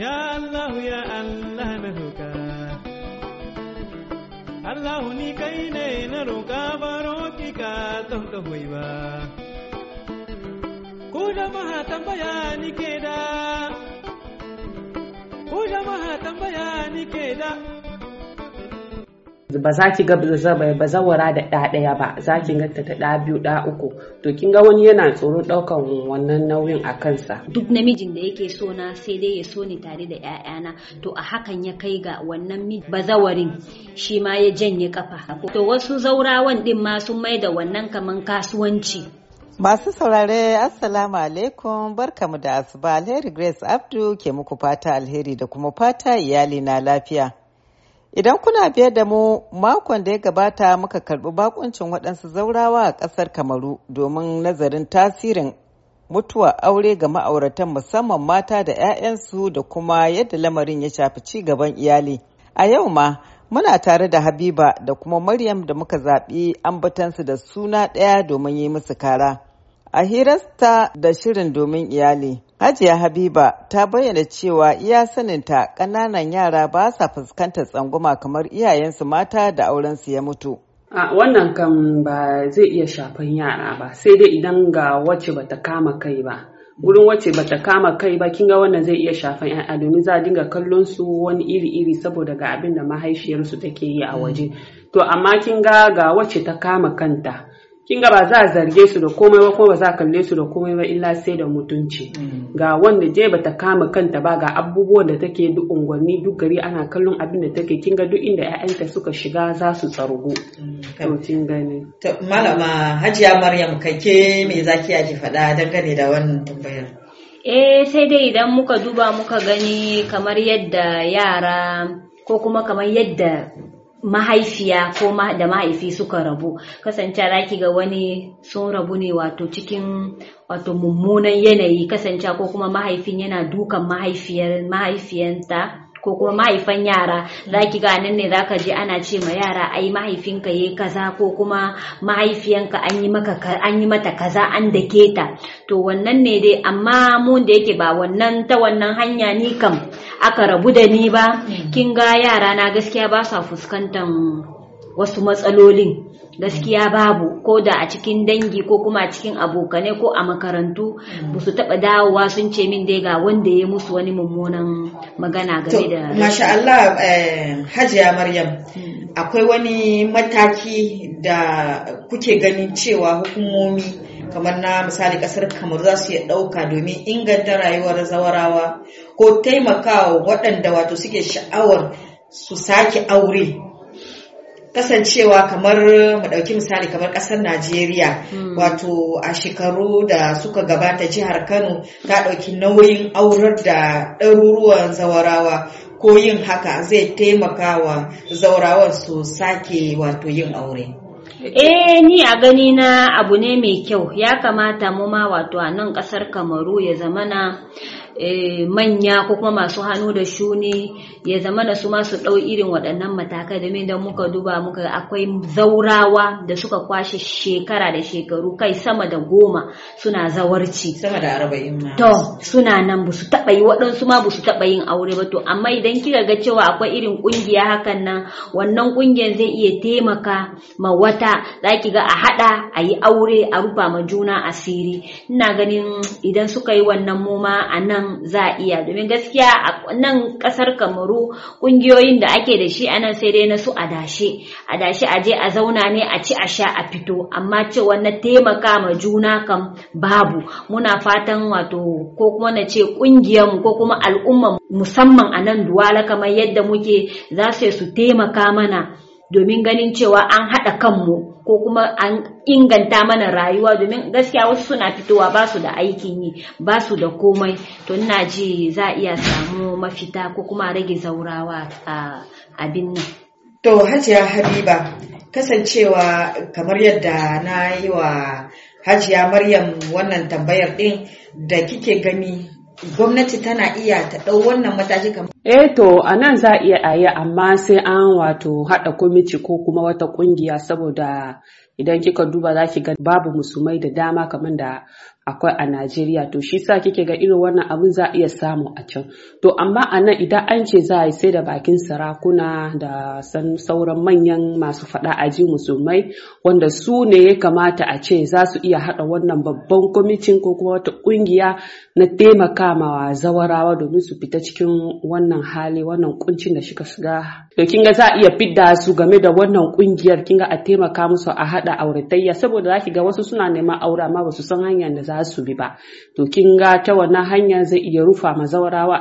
Ya Allah ya Allah na roƙa ni kai ne na roƙa baro ki ka don tambaya ni tambaya ni ba za ki ga ba zawara da ɗa ɗaya ba za ki ga ta ɗa biyu ɗa uku to kin ga wani yana tsoron ɗaukan wannan nauyin a kansa duk namijin da yake so na sai dai ya so ni tare da ƴaƴana to a hakan ya kai ga wannan bazawarin shi ma ya janye kafa to wasu zaurawan din ma sun mai da wannan kaman kasuwanci Masu saurare Assalamu alaikum barkamu da asuba alheri Grace Abdu ke muku fata alheri da kuma fata iyali na lafiya. Idan kuna biye da mu makon da ya gabata muka karbi bakuncin waɗansu zaurawa a ƙasar Kamaru domin nazarin tasirin mutuwa aure ga ma'auratan musamman mata da 'ya'yansu da kuma yadda lamarin ya shafi ci gaban iyali. A yau ma muna tare da Habiba da kuma Maryam da muka zaɓi ambatansu da suna ɗaya domin yi musu kara. A hirarta da shirin domin iyali, Hajiya Habiba ta bayyana cewa iya saninta ƙananan yara ba sa fuskantar tsangwama kamar iyayensu mata da aurensu ya mutu. A wannan kan ba zai iya shafan yara ba, sai dai idan ga wacce bata kama kai ba. gurin wacce bata kama kai ba kinga wannan zai iya shafan yara domin za a dinga kallon su wani iri iri saboda ga abin da mahaifiyarsu take yi a waje mm. to amma kinga ga wacce ta kama kanta kin ga ba za a zarge su da komai ba kuma ba za a kalle su da komai ba illa sai da mutunci mm. ga wanda je ba ta kama kanta ba ga abubuwan da take duk unguwanni duk gari ana kallon abin da take kin ga duk inda ƴaƴanta suka shiga za su tsargo mm, to kin gani malama hajiya maryam kake me zaki yaki faɗa dangane da wannan tambayar eh sai dai idan muka duba muka gani kamar yadda yara ko kuma kamar yadda mahaifiya ko da mahaifi suka rabu kasance raki ga wani sun rabu ne wato cikin wato mummunan yanayi kasance ko kuma mahaifin yana dukan mahaifiyar mahaifiyanta ko kuma mahaifan yara za ki ga nan ne za ka je ana ce ma yara ai mahaifinka yi kaza ko kuma mahaifiyanka an yi mata kaza an dake ta to wannan ne dai amma mun da yake ba wannan ta wannan hanya ni kam aka rabu da ni ba mm. kin ga yara na gaskiya ba sa fuskantan wasu matsalolin gaskiya babu ko da a cikin dangi ko kuma a cikin abokanai ko a makarantu mm. ba su taɓa dawowa sun ce min dai ga wanda ya musu wani mummunan magana game da masha Allah eh, hajiya maryam mm. akwai wani mataki da kuke ganin cewa hukumomi kamar na misali kasar kamar za su iya ɗauka domin inganta rayuwar zawarawa ko taimakawa waɗanda wato suke sha'awar su sake aure kasancewa kamar mu ɗauki misali kamar ƙasar najeriya hmm. wato a shekaru da suka gabata jihar kano ta ɗauki nauyin aurar da ɗaruruwan zawarawa ko yin haka zai taimakawa zawarawan su sake wato yin aure. eh ni a gani na abu ne mai kyau ya kamata mu ma wato a nan kasar kamaru ya zamana Eh, manya ko kuma masu hannu da shuni ya zama da su masu ɗau irin waɗannan matakai da domin da muka duba muka akwai zaurawa da suka kwashe shekara da shekaru kai sama da goma suna zawarci sama da arba'in ma to suna nan ba su taɓa yi waɗansu ma ba su taɓa yin aure ba to amma idan kika ga cewa akwai irin ƙungiya hakan nan wannan ƙungiyar zai iya taimaka ma wata za ki ga a haɗa a yi aure a rufa ma juna asiri ina ganin idan suka yi wannan muma a nan nan za a iya domin gaskiya a nan kasar kamaru kungiyoyin da ake da shi a nan sai dai na su adashe adashe a je a zauna ne a ci a sha a fito amma cewa na taimaka ma juna kam babu muna fatan wato ko kuma na ce kungiyarmu ko kuma al'ummar musamman a nan duwala kamar yadda muke za su su taimaka mana domin ganin cewa an haɗa kanmu ko kuma an inganta mana rayuwa domin gaskiya wasu suna fitowa ba su da aikin yi ba su da komai to ina ji za a iya samu mafita ko kuma rage zaurawa a abin nan. To Hajiya Habiba kasancewa kamar yadda na yi wa Hajiya Maryam wannan tambayar ɗin da kike gani gwamnati tana iya ta ɗau wannan mataki kamar. Eh to a nan za a iya a yi amma sai an wato haɗa kwamiti ko kuma wata ƙungiya saboda idan kika duba za ki ga babu musulmai da dama kamar da akwai a Najeriya to shi sa kike ga irin wannan abin za a iya samu a can to amma a nan idan an ce za a yi sai da bakin sarakuna da san sauran manyan masu fada a ji musulmai wanda su ne ya kamata a ce za su iya hada wannan babban kwamitin ko kuma wata kungiya na taimaka ma zawarawa domin su fita cikin wannan hali wannan kuncin da suka shiga to kin ga za a iya fidda su game da wannan kungiyar kin ga a taimaka musu a haɗa auratayya saboda za ki ga wasu suna neman aura amma ba su san hanyar da za su bi ba to kin ga ta wannan hanya zai iya rufa ma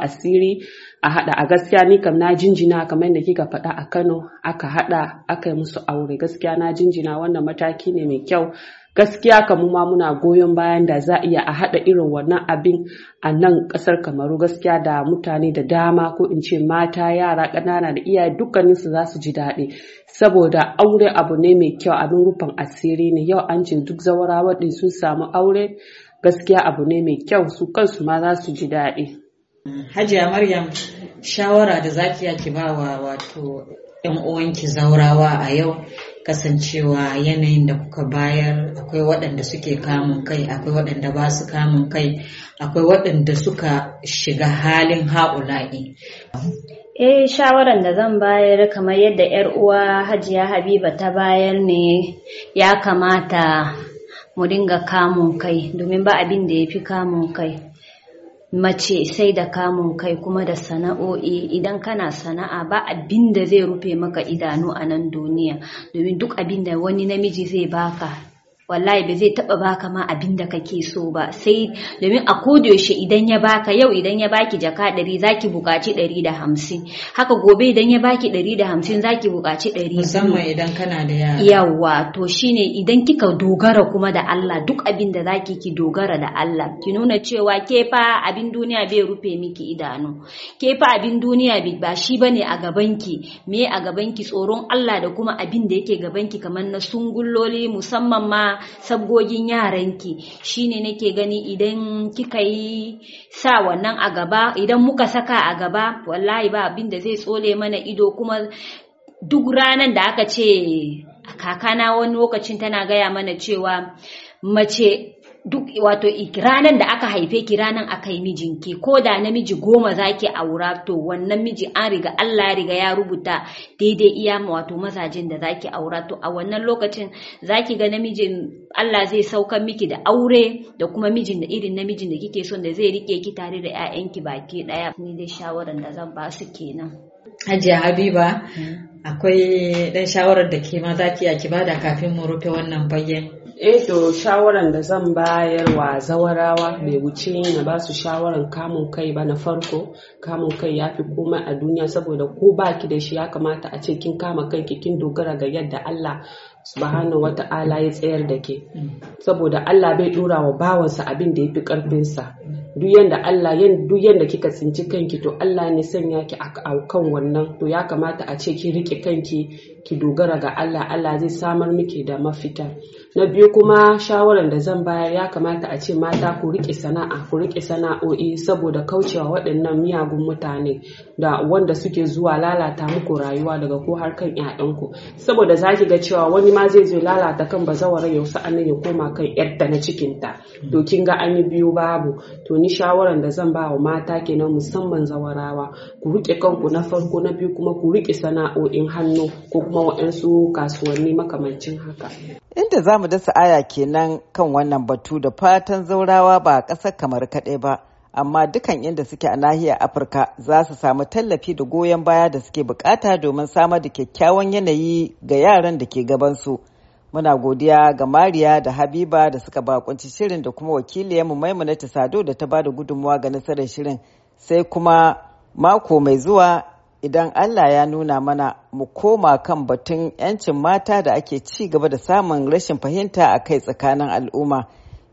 asiri a hada a gaskiya ni kam na jinjina kamar da kika faɗa a Kano aka hada aka yi musu aure gaskiya na jinjina wannan mataki ne mai kyau gaskiya kamu ma muna goyon bayan da za iya a haɗa irin wannan abin a nan kasar kamaru gaskiya da mutane da dama ko in ce mata yara ƙanana da iyaye dukkaninsu za su ji daɗi saboda aure abu ne mai kyau abin rufin asiri ne yau an ce duk zawarawa ɗin sun samu aure gaskiya abu ne mai kyau su kansu ma za su ji daɗi. Hajiya Maryam shawara da zaki ya ki bawa wato yan uwanki zaurawa a yau kasancewa yanayin da kuka bayar akwai waɗanda suke kamun kai akwai waɗanda ba su kamun kai akwai waɗanda suka shiga halin ha'ula'i. Eh shawaran da zan bayar kamar yadda 'yar uwa Hajiya Habiba ta bayar ne ya kamata mu dinga kamun kai domin ba abin da ya fi kamun kai mace sai da kamun kai kuma da sana'o'i idan kana sana'a ba abin da zai rufe maka idanu a nan duniya domin duk abin da wani namiji zai baka wallahi ba zai taba baka ma abin da kake so ba sai domin a yaushe idan ya baka yau idan ya baki jaka ɗari zaki buƙaci ɗari da hamsin haka gobe idan ya baki ɗari da hamsin zaki buƙaci ɗari musamman idan kana da yara yawa to shine idan kika dogara kuma da Allah duk abin da zaki ki dogara da Allah ki nuna cewa ke fa abin duniya bai rufe miki idanu ke fa abin duniya ba shi bane a ki? me a ki tsoron Allah da kuma abin da yake ki kamar na sungulloli musamman ma sabgogin yaran ki shine nake gani idan kika yi sa wannan a gaba idan muka saka a gaba wallahi ba abin da zai tsole mana ido kuma duk ranar da aka ce kakana wani lokacin tana gaya mana cewa mace duk wato ranan da aka haife ki ranan aka yi mijinki ko da namiji goma zaki aura to wannan miji an riga Allah ya riga ya rubuta daidai iya wato mazajen da zaki aura to a wannan lokacin zaki ga namijin Allah zai sauka miki da aure da kuma mijin da irin namijin da kike son da zai rike ki tare da 'ya'yanki baki daya ni dai shawaran da zan ba su kenan Hajiya Habiba hmm. akwai dan shawarar da ke ma za ki ki bada kafin mu rufe wannan bayyan Eh to shawaran da zan bayar wa zawarawa bai wuce na ba su shawaran kamun kai ba na farko kamun kai ya fi komai a duniya saboda ko baki da shi ya kamata a ce kin kama kai kanki kin dogara ga yadda Allah subhanahu wata'ala ya tsayar da ke hmm. saboda Allah bai dora wa bawansa abin da ya fi karfinsa hmm. duk yanda Allah duk yanda kika tsinci kanki to Allah ne sanya ki a kan wannan to ya kamata a ce ki rike kanki ki dogara ga Allah Allah zai samar miki da mafita na biyu kuma shawaran da zan bayar ya kamata a ce mata ku riƙe sana'a ku rike sana'o'i saboda kaucewa waɗannan miyagun mutane da wanda suke zuwa lalata muku rayuwa daga ko har kan ƴaƴanku saboda zaki ga cewa wani ma zai zo lalata kan bazawarar yau sa'annan ya koma kan ƴarta na cikin ta to kin ga an yi biyu babu to ni shawaran da zan ba wa mata kenan musamman zawarawa ku rike kanku na farko na biyu kuma ku rike sana'o'in hannu ko kuma waɗansu kasuwanni makamancin haka. Inda za mu dasa aya kenan kan wannan batu da fatan zaurawa ba a ƙasar kamar kaɗai ba, amma dukan inda suke a nahiyar Afirka za su samu tallafi da goyon baya da suke bukata domin samar da kyakkyawan yanayi ga yaran da ke gabansu. Muna godiya ga Mariya da Habiba da suka bakunci shirin da kuma wakiliyarmu ta Sado da ta ba da gudunmawa ga nasarar shirin sai kuma mako mai zuwa idan Allah ya nuna mana mu koma kan batun 'yancin mata da ake ci gaba da samun rashin fahimta a kai tsakanin al'umma.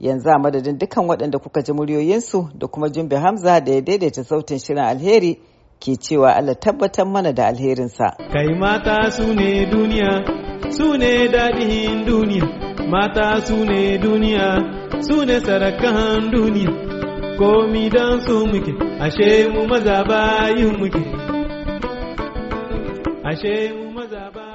Yanzu a madadin dukkan waɗanda kuka ji muryoyinsu da kuma Jumbe Hamza da ya daidaita sautin shirin alheri ke cewa Allah tabbatar mana da alherinsa. Kai mata su ne duniya, su ne daɗin duniya, mata su ne duniya, su ne sarakan duniya, komi don su muke, ashe mu maza bayin muke. ashe mu maza ba